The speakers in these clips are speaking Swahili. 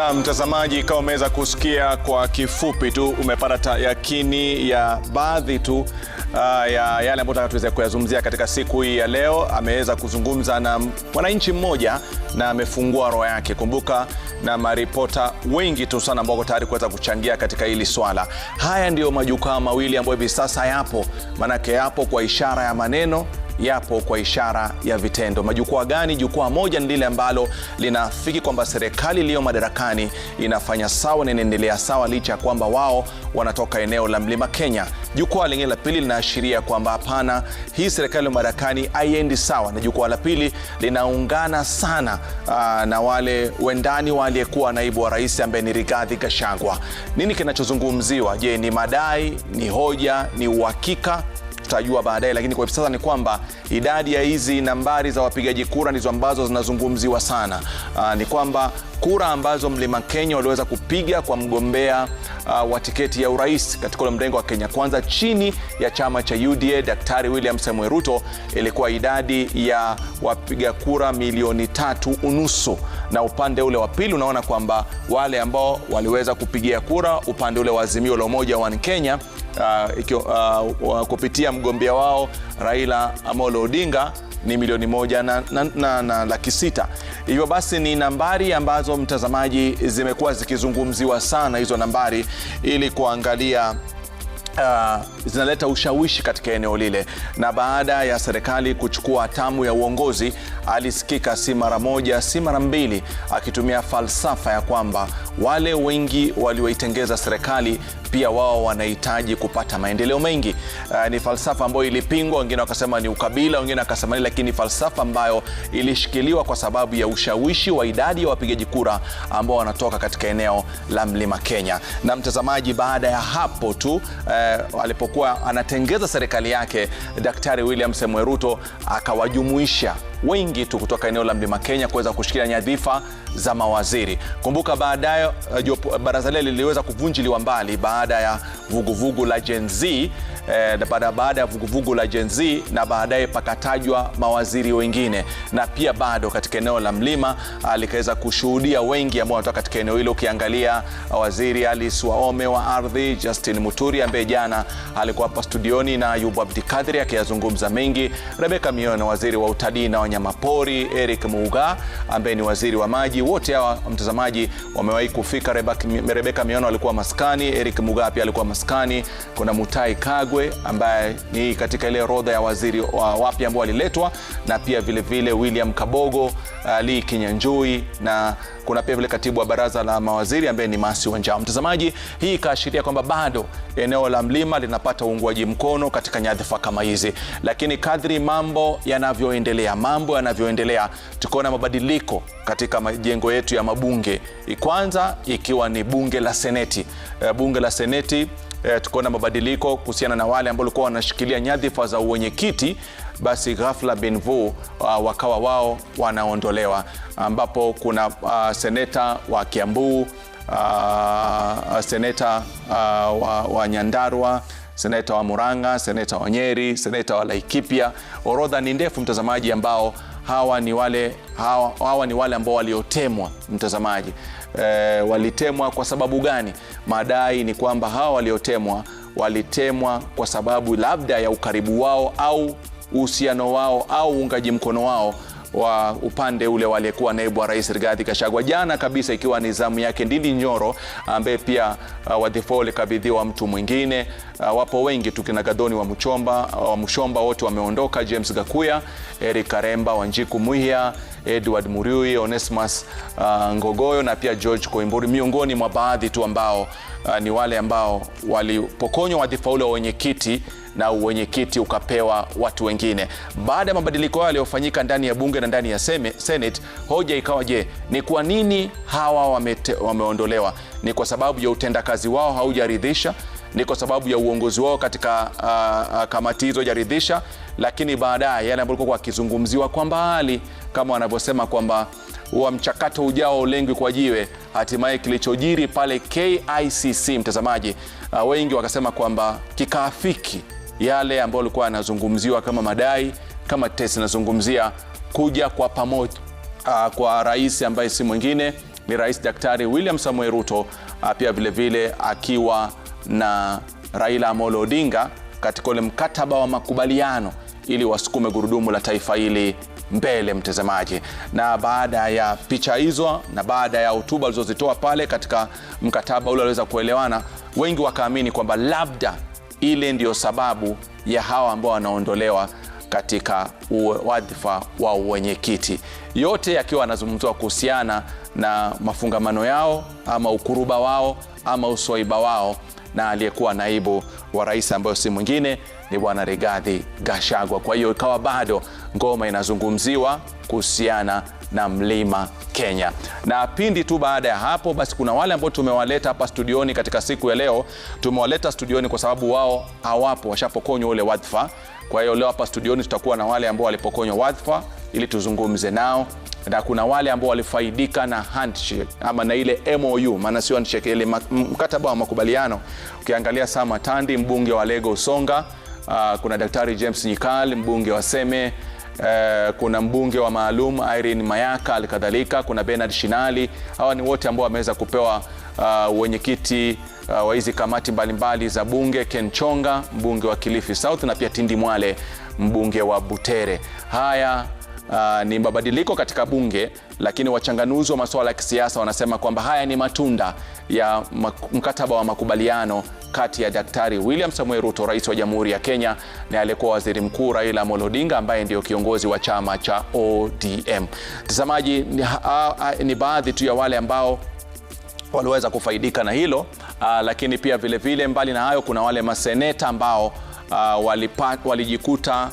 Na mtazamaji, kama umeweza kusikia kwa kifupi tu, umepata yakini ya baadhi tu uh, ya yale ambayo tuweze kuyazungumzia katika siku hii ya leo. Ameweza kuzungumza na mwananchi mmoja na amefungua roho yake. Kumbuka na maripota wengi tu sana ambao tayari kuweza kuchangia katika hili swala. Haya ndiyo majukwaa mawili ambayo hivi sasa yapo, maanake yapo kwa ishara ya maneno yapo kwa ishara ya vitendo. Majukwaa gani? Jukwaa moja ni lile ambalo linafiki kwamba serikali iliyo madarakani inafanya sawa na inaendelea sawa, licha ya kwamba wao wanatoka eneo la mlima Kenya. Jukwaa lingine la pili linaashiria kwamba hapana, hii serikali ya madarakani haiendi sawa, na jukwaa la pili linaungana sana aa, ah, na wale wendani wa aliyekuwa naibu wa rais ambaye ni Rigathi Gachagua. Nini kinachozungumziwa? Je, ni madai, ni hoja, ni uhakika? tutajua baadaye, lakini kwa hivi sasa ni kwamba idadi ya hizi nambari za wapigaji kura ndizo ambazo zinazungumziwa sana. Aa, ah, ni kwamba kura ambazo mlima Kenya waliweza kupiga kwa mgombea uh, wa tiketi ya urais katika ule mrengo wa Kenya Kwanza chini ya chama cha UDA Daktari William Samuel Ruto, ilikuwa idadi ya wapiga kura milioni tatu unusu, na upande ule wa pili unaona kwamba wale ambao waliweza kupigia kura upande ule wa Azimio la Umoja wa Kenya uh, ikio, uh, kupitia mgombea wao Raila Amolo Odinga ni milioni moja na, na, na, na laki sita. Hivyo basi ni nambari ambazo mtazamaji, zimekuwa zikizungumziwa sana hizo nambari ili kuangalia Uh, zinaleta ushawishi katika eneo lile, na baada ya serikali kuchukua hatamu ya uongozi, alisikika si mara moja si mara mbili akitumia falsafa ya kwamba wale wengi walioitengeza serikali pia wao wanahitaji kupata maendeleo mengi. Uh, ni falsafa ambayo ilipingwa, wengine wakasema ni ukabila, wengine wakasema ni, lakini falsafa ambayo ilishikiliwa kwa sababu ya ushawishi wa idadi ya wapigaji kura ambao wanatoka katika eneo la mlima Kenya. Na mtazamaji, baada ya hapo tu uh, alipokuwa anatengeza serikali yake, Daktari William Samoei Ruto akawajumuisha wengi tu kutoka eneo la Mlima Kenya kuweza kushikilia nyadhifa za mawaziri. Kumbuka baadaye eh, baraza lile liliweza kuvunjiliwa mbali baada ya vuguvugu la Gen Z eh, baada ya vuguvugu la Gen Z na baadaye pakatajwa mawaziri wengine, na pia bado katika eneo la mlima alikaweza ah, kushuhudia wengi ambao wanatoka katika eneo hilo. Ukiangalia ah, waziri Alice Waome wa ardhi, Justin Muturi ambaye jana alikuwa hapa studioni na Ayubu Abdikadri akiyazungumza mengi, Rebecca Miona waziri wa utalii na wanyamapori, Eric Muuga ambaye ni waziri wa maji. Wote hawa mtazamaji wamewahi kufika. Rebecca Miona alikuwa maskani, Eric Muuga pia alikuwa maskani maskani. Kuna Mutai Kagwe ambaye ni katika ile orodha ya waziri wa wapya ambao waliletwa, na pia vilevile vile William Kabogo, Ali uh, Kinyanjui, na kuna pia vile katibu wa baraza la mawaziri ambaye ni Masi Wanjao. Mtazamaji, hii ikaashiria kwamba bado eneo la mlima linapata uunguaji mkono katika nyadhifa kama hizi, lakini kadri mambo yanavyoendelea mambo yanavyoendelea tukaona mabadiliko katika majengo yetu ya mabunge, kwanza ikiwa ni bunge la seneti. Eh, bunge la seneti eh, tukaona mabadiliko kuhusiana na wale ambao walikuwa wanashikilia nyadhifa za uwenyekiti, basi ghafla Benvu uh, ah, wakawa wao wanaondolewa, ambapo kuna uh, seneta wa kiambuu uh, ah, seneta uh, wa, wa nyandarwa seneta wa Murang'a, seneta wa Nyeri, seneta wa Laikipia. Orodha ni ndefu mtazamaji, ambao hawa ni wale, hawa, hawa ni wale ambao waliotemwa mtazamaji. E, walitemwa kwa sababu gani? Madai ni kwamba hawa waliotemwa walitemwa kwa sababu labda ya ukaribu wao au uhusiano wao au uungaji mkono wao wa upande ule waliyekuwa naibu wa rais Rigathi Gachagua jana kabisa, ikiwa ni zamu yake Ndindi Nyoro ambaye pia uh, wadhifa kabidhiwa mtu mwingine. Uh, wapo wengi tu kina Gadoni wa Mchomba uh, wa Mshomba wote wameondoka, James Gakuya, Eric Karemba, Wanjiku Muiya, Edward Muriui, Onesmus uh, Ngogoyo na pia George Koimburi miongoni mwa baadhi tu ambao uh, ni wale ambao walipokonywa wadhifa ule wa wenyekiti na uwenyekiti ukapewa watu wengine. Baada ya mabadiliko hayo yaliyofanyika ndani ya bunge na ndani ya Senate, hoja ikawa je, ni kwa nini hawa wamete, wameondolewa? Ni kwa sababu ya utendakazi wao haujaridhisha ni kwa sababu ya uongozi wao katika uh, kamati hizo jaridhisha. Lakini baadaye yale ambayo ilikuwa akizungumziwa kwamba hali kama wanavyosema kwamba wa mchakato ujao ulengwi kwa jiwe, hatimaye kilichojiri pale KICC, mtazamaji uh, wengi wakasema kwamba kikaafiki yale ambayo alikuwa yanazungumziwa kama madai kama tes anazungumzia kuja kwa pamoja uh, kwa rais ambaye si mwingine ni Rais Daktari William samue Ruto uh, pia vilevile akiwa na Raila Amolo Odinga katika ule mkataba wa makubaliano ili wasukume gurudumu la taifa hili mbele mtazamaji. Na baada ya picha hizo na baada ya hotuba alizozitoa pale katika mkataba ule waliweza kuelewana, wengi wakaamini kwamba labda ile ndiyo sababu ya hawa ambao wanaondolewa katika wadhifa wa uwenyekiti, yote yakiwa anazungumziwa kuhusiana na mafungamano yao ama ukuruba wao ama uswaiba wao na aliyekuwa naibu wa rais ambayo si mwingine ni bwana Rigathi Gachagua. Kwa hiyo ikawa bado ngoma inazungumziwa kuhusiana na mlima Kenya. Na pindi tu baada ya hapo, basi kuna wale ambao tumewaleta hapa studioni katika siku ya leo. Tumewaleta studioni kwa sababu wao hawapo, washapokonywa ule wadhifa. Kwa hiyo leo hapa studioni tutakuwa na wale ambao walipokonywa wadhifa ili tuzungumze nao na kuna wale ambao walifaidika na handshake ama na ile MOU, maana sio handshake, ile mkataba wa makubaliano. Ukiangalia Sama Matandi, mbunge wa Lego Songa, uh, kuna Daktari James Nyikal, mbunge wa Seme Uh, kuna mbunge wa maalum Irene Mayaka, alikadhalika kuna Bernard Shinali. Hawa ni wote ambao wameweza kupewa uh, wenyekiti uh, wa hizi kamati mbalimbali za bunge, Ken Chonga mbunge wa Kilifi South na pia Tindi Mwale mbunge wa Butere. Haya uh, ni mabadiliko katika bunge, lakini wachanganuzi wa masuala ya kisiasa wanasema kwamba haya ni matunda ya mkataba wa makubaliano kati ya Daktari William Samuel Ruto, rais wa Jamhuri ya Kenya, na aliyekuwa waziri mkuu Raila Amolo Odinga ambaye ndio kiongozi wa chama cha ODM. Mtazamaji, ni, ni baadhi tu ya wale ambao waliweza kufaidika na hilo uh, lakini pia vilevile vile, mbali na hayo kuna wale maseneta ambao uh, walipa, walijikuta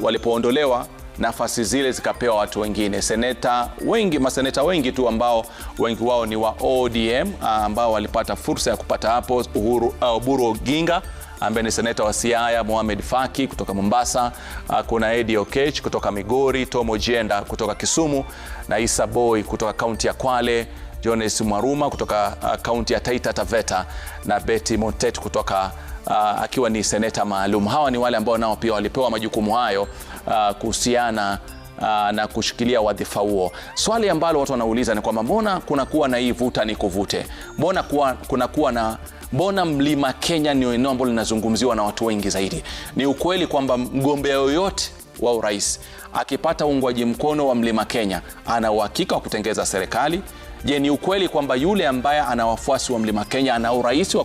walipoondolewa nafasi zile zikapewa watu wengine, seneta wengi, maseneta wengi tu ambao wengi wao ni wa ODM ah, ambao walipata fursa ya kupata hapo. Uhuru, uh, ah, buru ginga ambaye ni seneta wa Siaya, Mohamed Faki kutoka Mombasa, ah, kuna Eddie Okech kutoka Migori, Tomo Jenda kutoka Kisumu na Isa Boy kutoka kaunti ya Kwale, Jones Mwaruma kutoka kaunti ya Taita Taveta na Betty Montet kutoka uh, akiwa ni seneta maalum. Hawa ni wale ambao nao pia walipewa majukumu hayo uh, kuhusiana ah, na kushikilia wadhifa huo. Swali ambalo watu wanauliza ni kwamba mbona kunakuwa na hii vuta ni kuvute, mbona kuwa, kunakuwa na mbona mlima Kenya ni eneo ambalo linazungumziwa na watu wengi zaidi? Ni ukweli kwamba mgombea yoyote wa urais akipata uungwaji mkono wa mlima Kenya ana uhakika wa kutengeza serikali Je, ni ukweli kwamba yule ambaye ana wafuasi wa Mlima Kenya ana urahisi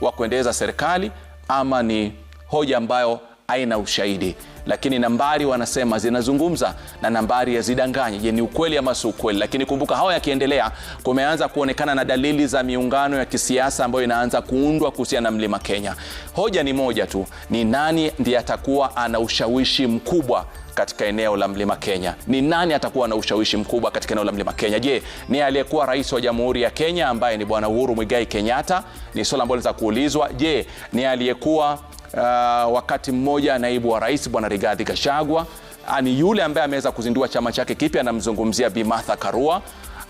wa kuendeleza serikali ama ni hoja ambayo haina ushahidi, lakini nambari wanasema zinazungumza na nambari hazidanganye. Je, ni ukweli ama si ukweli? Lakini kumbuka, hawa yakiendelea, kumeanza kuonekana na dalili za miungano ya kisiasa ambayo inaanza kuundwa kuhusiana na mlima Kenya. Hoja ni moja tu, ni nani ndiye atakuwa ana ushawishi mkubwa katika eneo la mlima Kenya. Ni nani atakuwa na ushawishi mkubwa katika eneo la mlima Kenya? Je, ni aliyekuwa rais wa Jamhuri ya Kenya ambaye ni Bwana Uhuru Mwigai Kenyatta? Ni swala ambayo linaweza kuulizwa. Je, ni aliyekuwa uh, wakati mmoja naibu wa rais bwana Rigathi Gachagua ah, ni yule ambaye ameweza kuzindua chama chake kipya, anamzungumzia Bi Martha Karua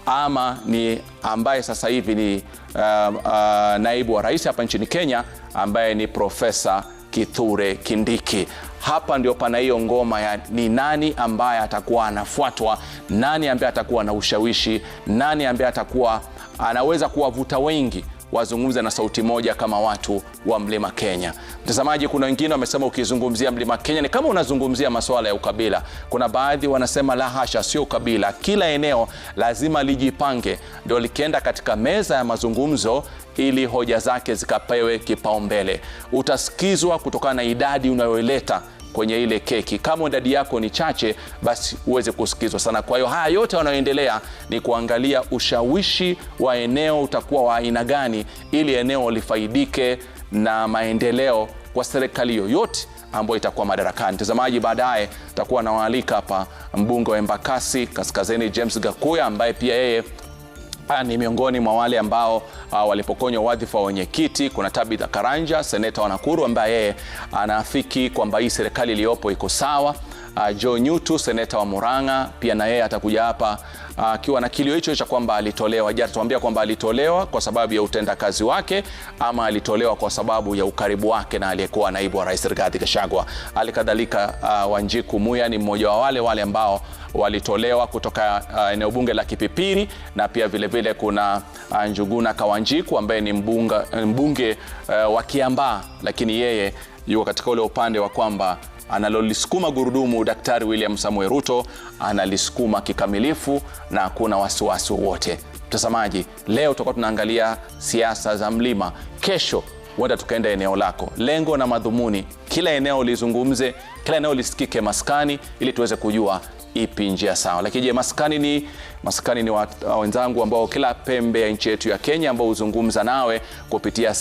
ama ni ambaye sasa hivi ni uh, uh, naibu wa rais hapa nchini Kenya ambaye ni Profesa Kithure Kindiki. Hapa ndio pana hiyo ngoma ya ni nani ambaye atakuwa anafuatwa, nani ambaye atakuwa na ushawishi, nani ambaye atakuwa anaweza kuwavuta wengi wazungumza na sauti moja kama watu wa Mlima Kenya. Mtazamaji, kuna wengine wamesema ukizungumzia Mlima Kenya ni kama unazungumzia masuala ya ukabila. Kuna baadhi wanasema la hasha, sio ukabila. Kila eneo lazima lijipange, ndio likienda katika meza ya mazungumzo ili hoja zake zikapewe kipaumbele. Utasikizwa kutokana na idadi unayoileta kwenye ile keki. Kama idadi yako ni chache, basi uweze kusikizwa sana. Kwa hiyo haya yote wanayoendelea ni kuangalia ushawishi wa eneo utakuwa wa aina gani, ili eneo lifaidike na maendeleo kwa serikali yoyote ambayo itakuwa madarakani. Mtazamaji, baadaye takuwa nawaalika hapa mbunge wa Embakasi Kaskazini James Gakuya ambaye pia yeye Ah, ni miongoni mwa wale ambao uh, walipokonywa wadhifa wa wenyekiti. Kuna Tabitha Karanja, seneta wa Nakuru, ambaye yeye anaafiki kwamba hii serikali iliyopo iko sawa. Uh, Joe Nyutu, seneta wa Murang'a, pia na yeye atakuja hapa akiwa na kilio hicho cha kwamba alitolewa. Je, atatuambia kwamba alitolewa kwa sababu ya utendakazi wake ama alitolewa kwa sababu ya ukaribu wake na aliyekuwa naibu wa rais Rigathi Gachagua? Halikadhalika uh, Wanjiku Muya ni mmoja wa wale wale ambao walitolewa kutoka uh, eneo bunge la Kipipiri, na pia vilevile vile kuna uh, Njuguna Kawanjiku ambaye ni mbunga, mbunge uh, wa Kiambaa, lakini yeye yuko katika ule upande wa kwamba analolisukuma gurudumu Daktari William samue Ruto analisukuma kikamilifu na hakuna wasiwasi wowote. Mtazamaji, leo tutakuwa tunaangalia siasa za mlima, kesho huenda tukaenda eneo lako. Lengo na madhumuni, kila eneo lizungumze, kila eneo lisikike maskani, ili tuweze kujua ipi njia sawa. Lakini je, maskani ni maskani ni wenzangu ambao kila pembe ya nchi yetu ya Kenya ambao huzungumza nawe kupitia